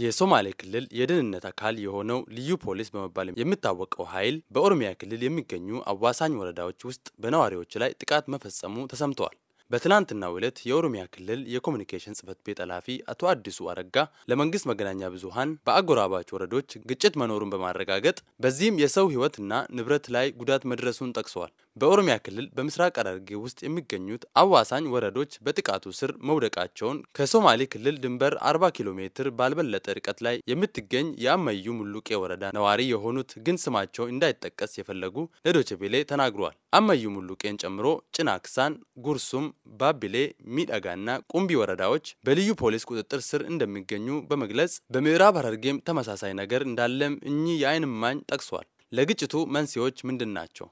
የሶማሌ ክልል የደህንነት አካል የሆነው ልዩ ፖሊስ በመባል የሚታወቀው ኃይል በኦሮሚያ ክልል የሚገኙ አዋሳኝ ወረዳዎች ውስጥ በነዋሪዎች ላይ ጥቃት መፈጸሙ ተሰምተዋል። በትናንትናው ዕለት የኦሮሚያ ክልል የኮሚኒኬሽን ጽህፈት ቤት ኃላፊ አቶ አዲሱ አረጋ ለመንግስት መገናኛ ብዙሃን በአጎራባች ወረዶች ግጭት መኖሩን በማረጋገጥ በዚህም የሰው ህይወትና ንብረት ላይ ጉዳት መድረሱን ጠቅሰዋል። በኦሮሚያ ክልል በምስራቅ ሐረርጌ ውስጥ የሚገኙት አዋሳኝ ወረዶች በጥቃቱ ስር መውደቃቸውን ከሶማሌ ክልል ድንበር 40 ኪሎ ሜትር ባልበለጠ ርቀት ላይ የምትገኝ የአመዩ ሙሉቄ ወረዳ ነዋሪ የሆኑት ግን ስማቸው እንዳይጠቀስ የፈለጉ ለዶችቤሌ ተናግሯል። አመዩ ሙሉቄን ጨምሮ ጭናክሳን፣ ጉርሱም ባቢሌ፣ ሚደጋና ቁምቢ ወረዳዎች በልዩ ፖሊስ ቁጥጥር ስር እንደሚገኙ በመግለጽ በምዕራብ ሐረርጌም ተመሳሳይ ነገር እንዳለም እኚህ የአይን እማኝ ጠቅሷል። ለግጭቱ መንስኤዎች ምንድን ናቸው?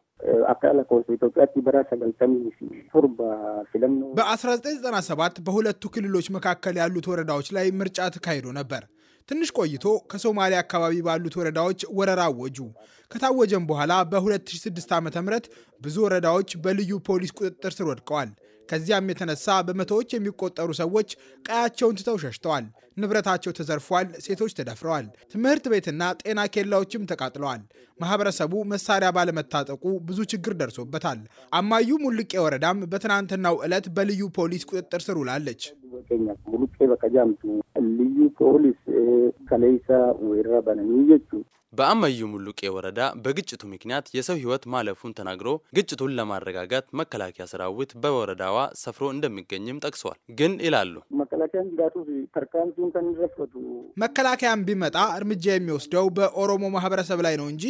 በ1997 በሁለቱ ክልሎች መካከል ያሉት ወረዳዎች ላይ ምርጫ ተካሂዶ ነበር። ትንሽ ቆይቶ ከሶማሊያ አካባቢ ባሉት ወረዳዎች ወረራ አወጁ። ከታወጀም በኋላ በ2006 ዓ ም ብዙ ወረዳዎች በልዩ ፖሊስ ቁጥጥር ስር ወድቀዋል። ከዚያም የተነሳ በመቶዎች የሚቆጠሩ ሰዎች ቀያቸውን ትተው ሸሽተዋል። ንብረታቸው ተዘርፏል። ሴቶች ተደፍረዋል። ትምህርት ቤትና ጤና ኬላዎችም ተቃጥለዋል። ማህበረሰቡ መሳሪያ ባለመታጠቁ ብዙ ችግር ደርሶበታል። አማዩ ሙልቄ ወረዳም በትናንትናው ዕለት በልዩ ፖሊስ ቁጥጥር ስር ውላለች። keenyaaf muluqee bakka jaamtu liyu ፖሊስ ከሌሳ ወራ ባነኒ ጀቹ በአመዩ ሙሉቄ ወረዳ በግጭቱ ምክንያት የሰው ሕይወት ማለፉን ተናግሮ ግጭቱን ለማረጋጋት መከላከያ ሰራዊት በወረዳዋ ሰፍሮ እንደሚገኝም ጠቅሷል። ግን ይላሉ መከላከያን ቢመጣ እርምጃ የሚወስደው በኦሮሞ ማህበረሰብ ላይ ነው እንጂ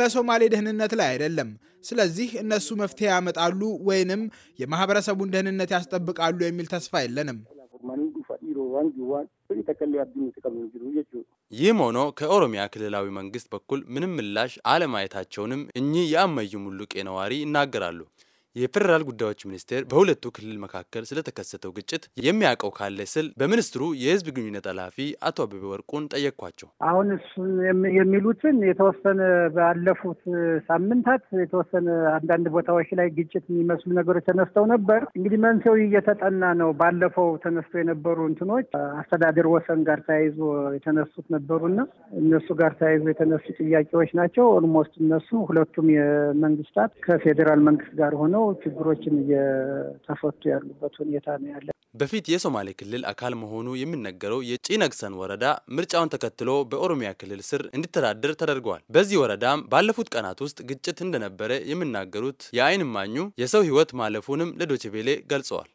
በሶማሌ ደህንነት ላይ አይደለም። ስለዚህ እነሱ መፍትሄ ያመጣሉ ወይንም የማህበረሰቡን ደህንነት ያስጠብቃሉ የሚል ተስፋ የለንም። ዋን ጊዋን የተከለ ይህም ሆኖ ከኦሮሚያ ክልላዊ መንግስት በኩል ምንም ምላሽ አለማየታቸውንም እኚህ የአመዩ ሙሉቄ ነዋሪ ይናገራሉ። የፌዴራል ጉዳዮች ሚኒስቴር በሁለቱ ክልል መካከል ስለተከሰተው ግጭት የሚያውቀው ካለ ስል በሚኒስትሩ የህዝብ ግንኙነት ኃላፊ አቶ አበበ ወርቁን ጠየኳቸው። አሁን የሚሉትን የተወሰነ ባለፉት ሳምንታት የተወሰነ አንዳንድ ቦታዎች ላይ ግጭት የሚመስሉ ነገሮች ተነስተው ነበር። እንግዲህ መንስኤው እየተጠና ነው። ባለፈው ተነስቶ የነበሩ እንትኖች አስተዳደር ወሰን ጋር ተያይዞ የተነሱት ነበሩና እነሱ ጋር ተያይዞ የተነሱ ጥያቄዎች ናቸው። ኦልሞስት እነሱ ሁለቱም የመንግስታት ከፌዴራል መንግስት ጋር ሆነው ነው ችግሮችን እየተፈቱ ያሉበት ሁኔታ ነው ያለ። በፊት የሶማሌ ክልል አካል መሆኑ የሚነገረው የጪነግሰን ወረዳ ምርጫውን ተከትሎ በኦሮሚያ ክልል ስር እንዲተዳደር ተደርገዋል። በዚህ ወረዳም ባለፉት ቀናት ውስጥ ግጭት እንደነበረ የሚናገሩት የአይን ማኙ የሰው ሕይወት ማለፉንም ለዶችቬሌ ገልጸዋል።